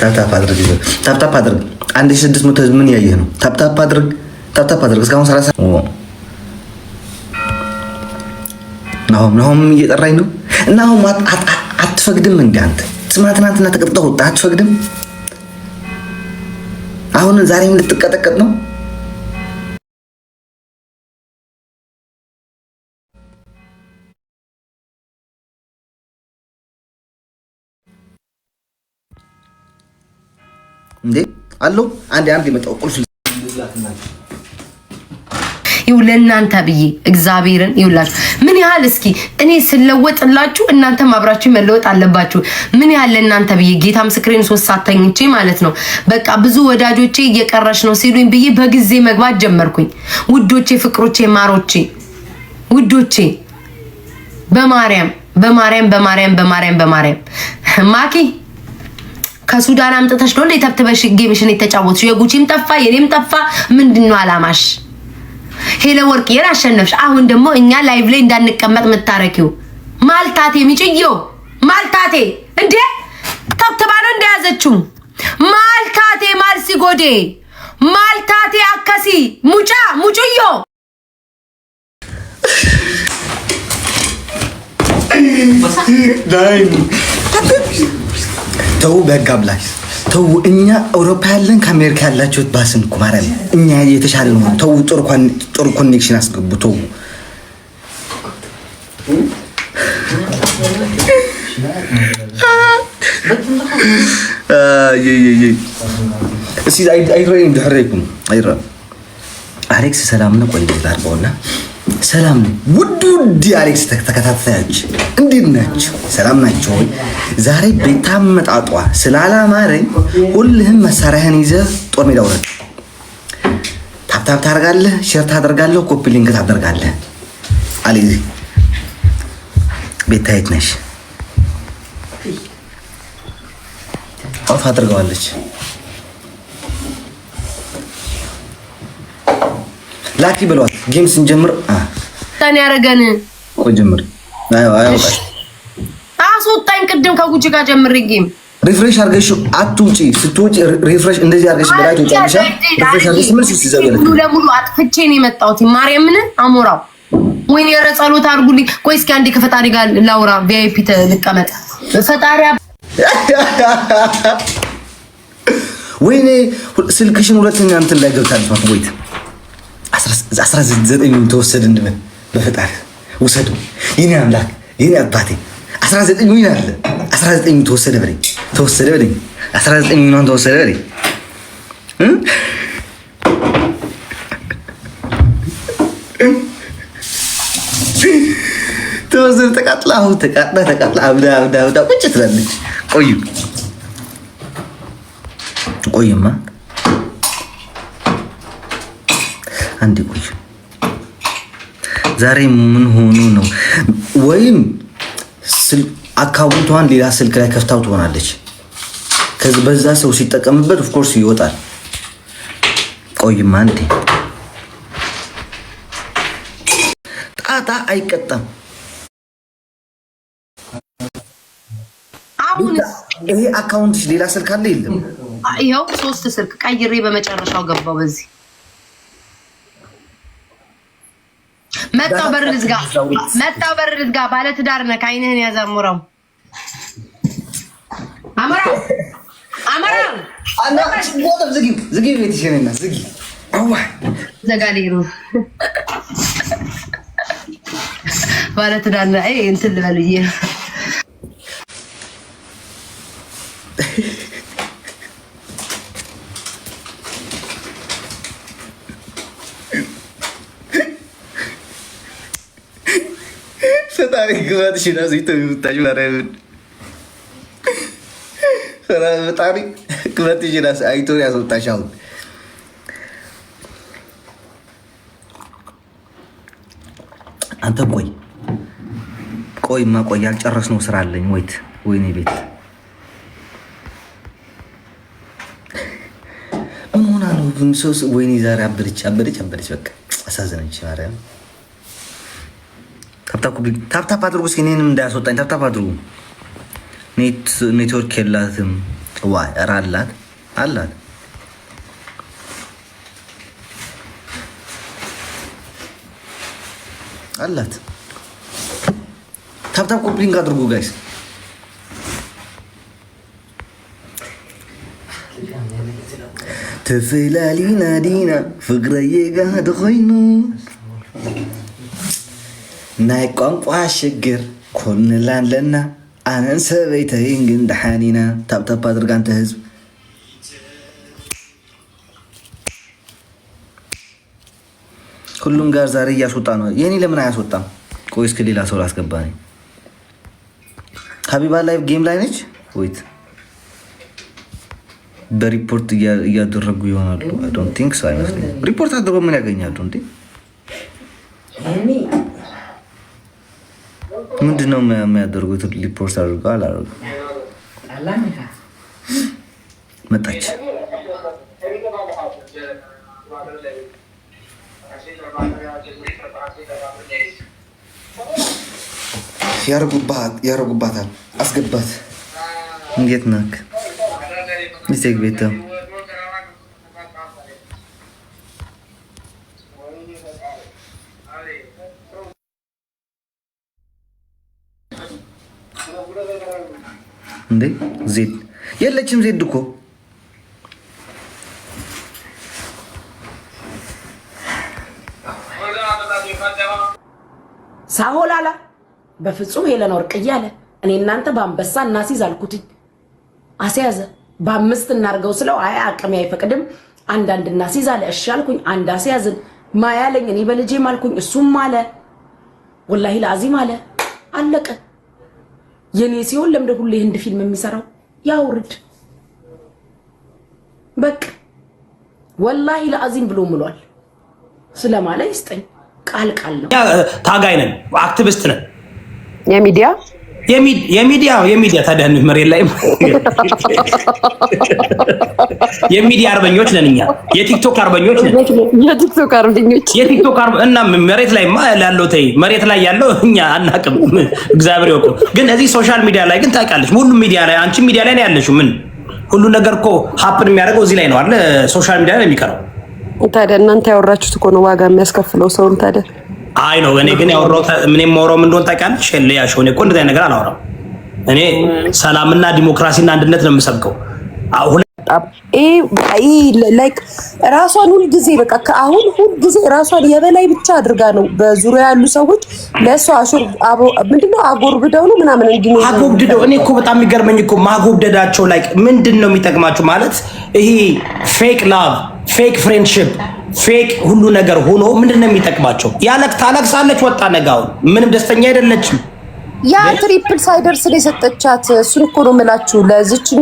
ታፕታፕ አድርግ ታፕታፕ አድርግ። አንድ ሺህ ስድስት መቶ ህዝብ ምን ያየ ነው? ታፕታፕ አድርግ ታፕታፕ አድርግ። እስካሁን ሰላሳ ናሆም ናሆም እየጠራኝ ነው። ናሆም አትፈቅድም እንደ አንተ ስማ፣ ትናንትና ተቀጥቅጠህ አትፈቅድም። አሁን ዛሬም ልትቀጠቀጥ ነው እንዴ አለው አንድ አንድ የመጣው ቁልፍ ይው ለእናንተ ብዬ እግዚአብሔርን ይውላችሁ ምን ያህል እስኪ እኔ ስለወጥላችሁ እናንተም አብራችሁ መለወጥ አለባችሁ። ምን ያህል ለእናንተ ብዬ ጌታ ምስክሬን ሶስት ሰዓት ማለት ነው። በቃ ብዙ ወዳጆቼ እየቀረሽ ነው ሲሉኝ ብዬ በጊዜ መግባት ጀመርኩኝ። ውዶቼ፣ ፍቅሮቼ፣ ማሮቼ፣ ውዶቼ በማርያም በማርያም በማርያም በማርያም በማርያም ማኪ ከሱዳን አምጥተሽ ነው እንዴ ተብትበሽ ጌምሽን የተጫወትሽ? የጉቺም ጠፋ የኔም ጠፋ። ምንድነው አላማሽ? ሄለ ወርቅዬን አሸነፍሽ። አሁን ደግሞ እኛ ላይቭ ላይ እንዳንቀመጥ የምታረኪው ማልታቴ፣ ምጭዮ ማልታቴ እንዴ ተብትባ ነው እንደያዘችው ማልታቴ፣ ማልሲ ጎዴ፣ ማልታቴ፣ አከሲ ሙጫ፣ ሙጭዮ ዳይ ተው፣ በህግ አምላክ ተው። እኛ አውሮፓ ያለን ከአሜሪካ ያላችሁት ባስን ኩማራ እኛ የተሻለ ነው። ተው፣ ጥሩ ኮኔክሽን አስገቡ። ተው፣ እስኪ አይረይም ድሕረይኩም አይረ አሌክስ ሰላም ነው። ቆይ አርገውና ሰላም ነው ውድ ውድ የአሌክስ ተከታታዮች እንዴት ናቸው? ሰላም ናቸው ወይ? ዛሬ ቤታ መጣጧ ስላላማረኝ ሁልህም መሳሪያህን ይዘህ ጦር ሜዳ ውረድ። ታብታብ ታደርጋለህ፣ ሼር ታደርጋለህ፣ ኮፒ ሊንክ ታደርጋለህ። አሌዚ ቤታ የት ነሽ? ኦፍ አድርገዋለች። ላኪ ብለዋል። ጌም ስንጀምር ታን ያረገን ቆይ ጀምር። አዎ አዎ አስወጣኝ። ቅድም ከጉጂ ጋር ጀምር ጌም ሪፍሬሽ አርገሽ አትውጪ። ስትውጪ ሪፍሬሽ እንደዚህ አርገሽ በላይ ትውጫለሽ። ሪፍሬሽ አርገሽ ምን ሲዘገለ ሙሉ ለሙሉ አጥፍቼ ነው የመጣሁት። ማርያምን አሞራው ወይኔ፣ ኧረ ጸሎት አድርጉልኝ። ቆይ እስኪ አንዴ ከፈጣሪ ጋር ላውራ። ቪአይፒ ተቀመጠ ፈጣሪ ወይኔ፣ ስልክሽን ሁለተኛ እንትን ላይ ገብታለች ወይት 19 ተወሰደ እንድመን በፈጣሪ ውሰዱ። ይህን አምላክ ይህን አባቴ 19 ሚን አለ 19 ተወሰደ በለኝ፣ ተወሰደ በለኝ፣ 19 ሚኗን ተወሰደ በለኝ። ተወሰደ ተቃጥላ፣ አሁን ተቃጥላ ተቃጥላ አብዳ አብዳ አብዳ ቁጭ ትላለች። ቆዩ ቆዩማ አንድ ቆይ፣ ዛሬ ምን ሆኖ ነው? ወይም አካውንቷን ሌላ ስልክ ላይ ከፍታው ትሆናለች። ከዚህ በዛ ሰው ሲጠቀምበት ኦፍኮርስ ይወጣል። ቆይማ አንዴ ጣጣ አይቀጣም። ይሄ አካውንትሽ ሌላ ስልክ አለ የለም? ይኸው ሶስት ስልክ ቀይሬ በመጨረሻው ገባው በዚህ መጣው በር ልዝጋ፣ መጣው በር ልዝጋ። ባለ ነህ፣ አይንህን ያዘሙረው። አመራ አመራ አና ቦታም ዝጊ ዝጊ፣ ዝጊ። አዋ ባለ አይ ዛሬ ግባትሽ እራሱ የምታሽ አይቶ ያስወጣሽ። አሁን አንተም ቆይ ቆይማ ቆይ ያልጨረስነው ስራ አለኝ። ወይት ወይኔ ቤት ምን ሆና ነው? ወይኔ ዛሬ አበደች አበደች አበደች። በቃ አሳዘነች ማርያምን ታፕታፕ አድርጉ እስኪ እኔንም እንዳያስወጣኝ ታፕታፕ አድርጉ። ኔትወርክ የላትም ዋ ኧረ አላት አላት አላት። ታፕታፕ ኮፕሊንግ አድርጉ ጋይስ። ትፍላሊና ዲና ፍቅረዬ ጋር ድኾይኑ ናይ ቋንቋ ሽግር ኮንላ ኣለና ኣነን ሰበይተይን ግን ድሓኒና ታብታብ ኣድርጋ እንተ ህዝብ ሁሉም ጋር ዛሬ እያስወጣ ነው። የኔ ለምን አያስወጣም? ቆይ እስኪ ሌላ ሰው ላስገባኝ። ሀቢባ ላይ ጌም ላይ ነች። ወይት በሪፖርት እያደረጉ ይሆናሉ። ሪፖርት አድርጎ ምን ያገኛሉ እንዴ? አንድ ነው የሚያደርጉት? ሪፖርት አድርገው አላደርገው መጣች። ያረጉባታል። አስገባት። እንዴት ናክ ሚስቴክ ቤተው እንዴ ዜድ የለችም። ዜድ እኮ ሳሆል በፍጹም ሄለን ወርቅዬ እኔ እናንተ በአንበሳ እናስይዝ አልኩትኝ አስያዘ። በአምስት እናርገው ስለው አይ አቅሜ አይፈቅድም፣ አንዳንድ እናስይዝ አለ። እሺ አልኩኝ። አንድ አስያዝን ማያለኝ እኔ በልጄም አልኩኝ። እሱም አለ ወላሂ ለአዚም አለ። አለቀ። የኔ ሲሆን ለምደ ሁሉ የህንድ ፊልም የሚሰራው ያውርድ። በቃ ወላሂ ለአዚም ብሎ ምሏል። ስለማለ ይስጠኝ። ቃል ቃል ነው። ታጋይ ነን፣ አክቲቪስት ነን የሚዲያ የሚዲያ የሚዲያ ታዲያ መሬት ላይ የሚዲያ አርበኞች ነን እኛ፣ የቲክቶክ አርበኞች ነን። የቲክቶክ አርበኞች የቲክቶክ አርበ እና መሬት ላይ ማ ያለው ተይ፣ መሬት ላይ ያለው እኛ አናቅም፣ እግዚአብሔር ይወቁ። ግን እዚህ ሶሻል ሚዲያ ላይ ግን ታውቂያለሽ፣ ሁሉም ሚዲያ ላይ አንቺ ሚዲያ ላይ ነው ያለሽው። ምን ሁሉ ነገር እኮ ሀፕን የሚያደርገው እዚህ ላይ ነው አለ ሶሻል ሚዲያ ላይ የሚቀረው። ታዲያ እናንተ ያወራችሁት እኮ ነው ዋጋ የሚያስከፍለው ሰውን ታዲያ አይ ነው እኔ ግን ያወራው ምን የማወራው እንደሆነ ታውቂያለሽ። ሸልያሽ እኔ እኮ እንደዛ ነገር አላወራም። እኔ ሰላምና ዲሞክራሲና አንድነት ነው የምሰብከው። አሁን ላይክ ራሷን ሁልጊዜ በቃ ከአሁን ሁልጊዜ ራሷን የበላይ ብቻ አድርጋ ነው በዙሪያ ያሉ ሰዎች ለእሷ አሹር ምንድነው አጎርብደው ነው ምናምን እንዲ አጎብድደው። እኔ እኮ በጣም የሚገርመኝ እኮ ማጎብደዳቸው ላይክ ምንድን ነው የሚጠቅማቸው ማለት ይሄ ፌክ ላቭ ፌክ ፍሬንድሽፕ ፌክ ሁሉ ነገር ሆኖ ምንድን ነው የሚጠቅማቸው? ያለቅ ታለቅሳለች። ወጣ ነጋው ምንም ደስተኛ አይደለችም። ያ ትሪፕል ሳይደር ስለሰጠቻት እሱን እኮ ነው የምላችሁ።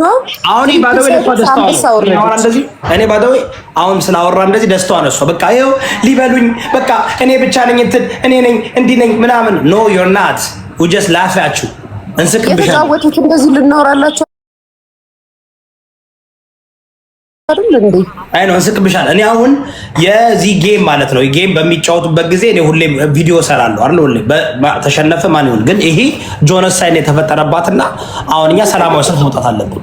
ነው አሁን ባደዌ ለሷ ደስታው እንደዚህ እኔ ባደዌ አሁን ስላወራ እንደዚህ ደስታዋ አነሷ። በቃ ይኸው ሊበሉኝ በቃ እኔ ብቻ ነኝ እንትን እኔ ነኝ እንዲህ ነኝ ምናምን ኖ ዩር ናት ዊ ጀስት ላፍ አት ዩ እንስቅብሻለን። የተጫወቱት እንደዚህ ልናወራላችሁ አይደል እንዴ? አይ ነው እስቅብሻል። እኔ አሁን የዚህ ጌም ማለት ነው ጌም በሚጫወቱበት ጊዜ እኔ ሁሌም ቪዲዮ እሰራለሁ አይደል? ሁሌ ተሸነፈ ማን ይሁን ግን ይሄ ጆኖሳይድ የተፈጠረባትና አሁን እኛ ሰላማዊ ሰልፍ መውጣት አለብን።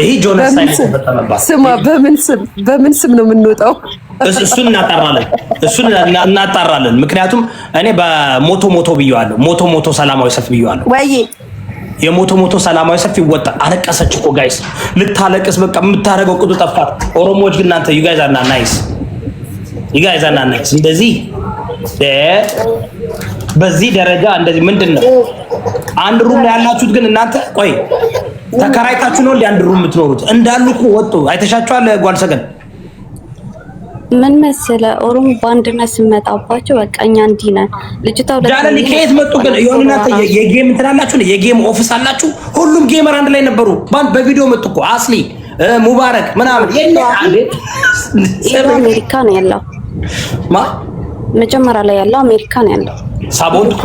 ይሄ ጆኖሳይድ የተፈጠረባት ስማ፣ በምን ስም በምን ስም ነው የምንወጣው? እሱን እናጣራለን፣ እሱን እናጣራለን። ምክንያቱም እኔ በሞቶ ሞቶ ብየዋለሁ። ሞቶ ሞቶ ሰላማዊ ሰልፍ ብየዋለሁ ወይ የሞቶ ሞቶ ሰላማዊ ሰልፍ ይወጣል። አለቀሰች እኮ ጋይስ፣ ልታለቅስ በቃ የምታደርገው ቅጡ ጠፋት። ኦሮሞዎች ግን እናንተ አና ናይስ ዩጋይዝ አና ናይስ እንደዚህ በዚህ ደረጃ እንደዚህ ምንድን ነው? አንድ ሩም ላይ ያላችሁት ግን እናንተ ቆይ ተከራይታችሁ ነው እንደ አንድ ሩም የምትኖሩት? እንዳሉ እኮ ወጡ። አይተሻቸዋል ጓልሰገን ምን መሰለ ኦሮሞ በአንድነት ስመጣባቸው በቃ እኛ እንዲህ ነን። ልጅቷ ዳለኒ ከየት መጡ ግን? የሆነና የጌም እንትን አላችሁ፣ የጌም ኦፊስ አላችሁ። ሁሉም ጌመር አንድ ላይ ነበሩ። ባንድ በቪዲዮ መጡ እኮ አስሊ ሙባረክ ምናምን የለ አሜሪካ ነው ያለው። ማ መጀመሪያ ላይ ያለው አሜሪካ ነው ያለው። ሳቦት እኮ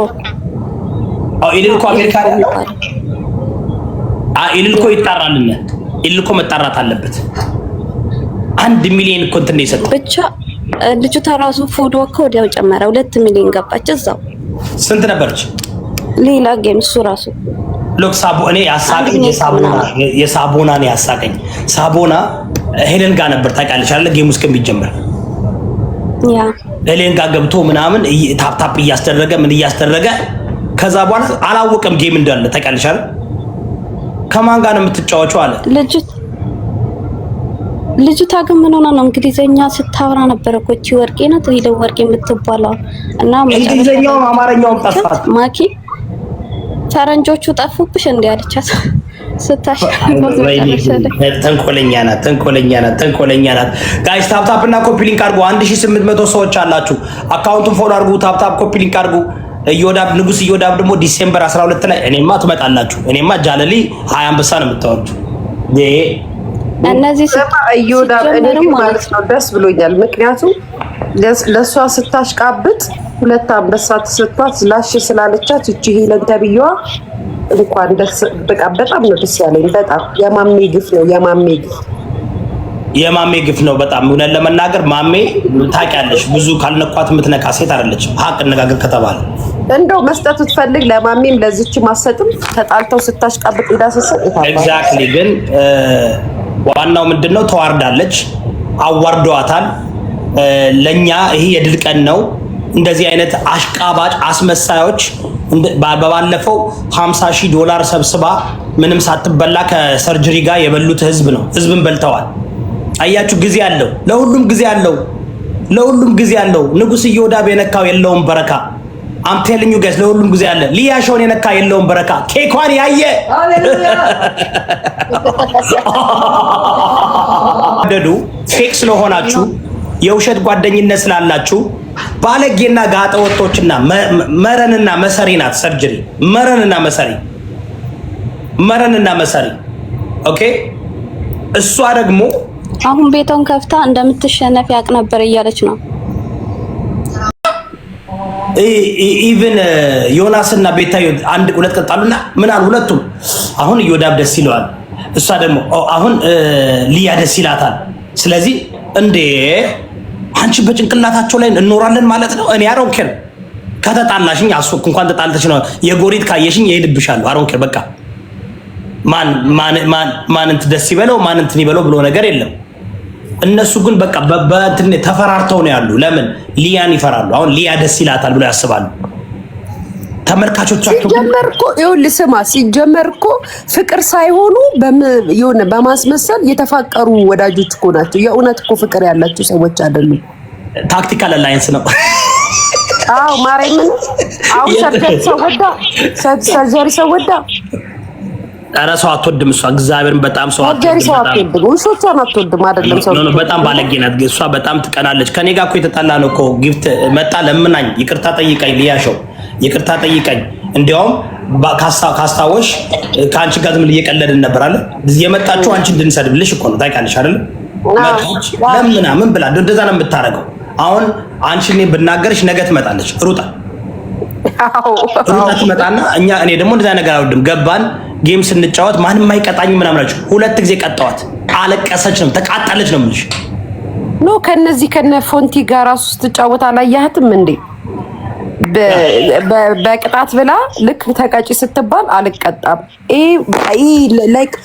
አው ኢልልኮ አሜሪካ ነው ያለው። አ ኢልልኮ ይጣራልና ኢልልኮ መጣራት አለበት። አንድ ሚሊዮን እኮ እንትን ነው የሰጠው። ብቻ ልጅቷ ራሱ ፉድ ወካ ወዲያው ጨመረ። ሁለት ሚሊዮን ገባች እዛው። ስንት ነበረች? ሌላ ጌም እሱ ራሱ ሎክ ሳቦ እኔ ያሳቀኝ የሳቦና ነው ያሳቀኝ። ሳቦና ሄለን ጋር ነበር ታውቃለች አይደለ? ጌሙ እስከሚጀምር ያ ሄለን ጋር ገብቶ ምናምን ታፕታፕ እያስደረገ ምን እያስደረገ ከዛ በኋላ አላወቀም ጌም እንዳለ ታውቃለች አይደል? ከማን ጋር ነው የምትጫወቹ አለ ልጅት ልጅቷ ግን ምን ሆና ነው እንግሊዘኛ ስታወራ ነበር እኮ እቺ ወርቄ ናት ይለው ወርቄ የምትባለው እና እንግሊዘኛውም አማርኛውም ጠፋት ማኪ ፈረንጆቹ ጠፉብሽ እንዴ አለቻት ስታሽ ተንኮለኛ ናት ተንኮለኛ ናት ተንኮለኛ ናት ጋይስ ታፕታፕ እና ኮፒ ሊንክ አድርጉ ሰዎች አላችሁ አካውንቱን ፎሎ አድርጉ ታፕታፕ አድርጉ እዮዳብ ንጉስ እዮዳብ ደግሞ ዲሴምበር 12 ላይ እኔማ ትመጣላችሁ እኔማ ጃለሊ ሀያ አንበሳ ነው የምታወጁ እነዚህ እዮዳ ማለት ነው። ደስ ብሎኛል። ምክንያቱም ለእሷ ስታሽቃብጥ ሁለት አንበሳ ተሰጥቷት ላሽ ስላለቻት እቺ ሄለ ተብዬዋ እንኳን ደስ በቃ በጣም ነው ደስ ያለኝ። በጣም የማሜ ግፍ ነው የማሜ ግፍ የማሜ ግፍ ነው። በጣም እውነት ለመናገር ማሜ ታውቂያለሽ፣ ብዙ ካልነኳት የምትነካ ሴት አይደለችም። ሀቅ እነጋገር ከተባለ እንደው መስጠት ትፈልግ ለማሜም ለዚች ማሰጥም ተጣልተው ስታሽቃብጥ እንዳሰሰጥ ኤግዛክትሊ ግን ዋናው ምንድን ነው? ተዋርዳለች፣ አዋርደዋታል። ለእኛ ይሄ የድል ቀን ነው። እንደዚህ አይነት አሽቃባጭ አስመሳዮች በባለፈው 50 ሺህ ዶላር ሰብስባ ምንም ሳትበላ ከሰርጀሪ ጋር የበሉት ህዝብ ነው። ህዝብን በልተዋል። አያችሁ፣ ጊዜ አለው። ለሁሉም ጊዜ አለው። ለሁሉም ጊዜ አለው። ንጉስ እየወዳ ቤነካው የለውም በረካ ዩ ጋይስ ለሁሉም ጊዜ አለ። ሊያሾን የነካ የለውም በረካ። ኬኳን ያየ ደዱ ፌክ ስለሆናችሁ የውሸት ጓደኝነት ስላላችሁ ባለጌና ጋጠወጦችና መረንና መሰሪ ናት። ሰርጀሪ መረንና መሰሪ መረንና መሰሪ። ኦኬ እሷ ደግሞ አሁን ቤቷን ከፍታ እንደምትሸነፍ ያቅ ነበር እያለች ነው ኢቭን ዮናስና ቤታዮ አንድ ሁለት ቀጣሉና ምን አሉ ሁለቱም አሁን ዮዳብ ደስ ይለዋል፣ እሷ ደግሞ አሁን ሊያ ደስ ይላታል። ስለዚህ እንዴ አንቺ በጭንቅላታቸው ላይ እንኖራለን ማለት ነው። እኔ አሮንኬር ከተጣላሽኝ አስወቅ እንኳን ተጣልተሽ ነው የጎሪት ካየሽኝ ይሄድብሻለሁ። አሮንኬር በቃ ማን ማን ማን ማን እንትን ደስ ይበለው ማን እንትን ይበለው ብሎ ነገር የለም። እነሱ ግን በቃ በእንትን ተፈራርተው ነው ያሉ። ለምን ሊያን ይፈራሉ? አሁን ሊያ ደስ ይላታል ብሎ ያስባሉ ተመልካቾቻቸው። ሲጀመር እኮ ይኸውልህ፣ ስማ፣ ሲጀመር እኮ ፍቅር ሳይሆኑ የሆነ በማስመሰል የተፋቀሩ ወዳጆች እኮ ናቸው። የእውነት እኮ ፍቅር ያላቸው ሰዎች አይደሉም። ታክቲካል አላይንስ ነው። አዎ ማርያምን፣ አሁን ሰርጀሪ ሰወዳ ሰርጀሪ ሰወዳ ኧረ ሰው አትወድም እሷ እግዚአብሔርን በጣም ሰው አትወድም። ሰው አትወድም አትወድም አይደለም ሰው ነው በጣም ባለጌ ናት እሷ በጣም ትቀናለች። ከኔ ጋር እኮ የተጣላ ነው እኮ ጊፍት መጣ ለምናኝ ይቅርታ ጠይቀኝ ልያሸው ይቅርታ ጠይቀኝ። እንዲያውም ካስታወሽ ከአንቺ ጋር ዝም ብሎ እየቀለድን ነበር አለ የመጣችው አንቺ እንድንሰድብልሽ እኮ ነው። ታውቂያለሽ አይደል መጣች ለምና ምን ብላ እንደዛ ነው የምታረገው። አሁን አንቺ እኔ ብናገርሽ ነገ ትመጣለች ሩጣ ትመጣና እኛ እኔ ደግሞ እንደዛ ነገር አልወድም። ገባን ጌም ስንጫወት ማንም አይቀጣኝ ምናምናችሁ። ሁለት ጊዜ ቀጣዋት፣ አለቀሰች ነው ተቃጠለች ነው የምልሽ። ኖ ከነዚህ ከነ ፎንቲ ጋር ራሱ ስትጫወት አላያህትም እንዴ? በቅጣት ብላ ልክ ተቀጪ ስትባል አልቀጣም። ይሄ ላይክ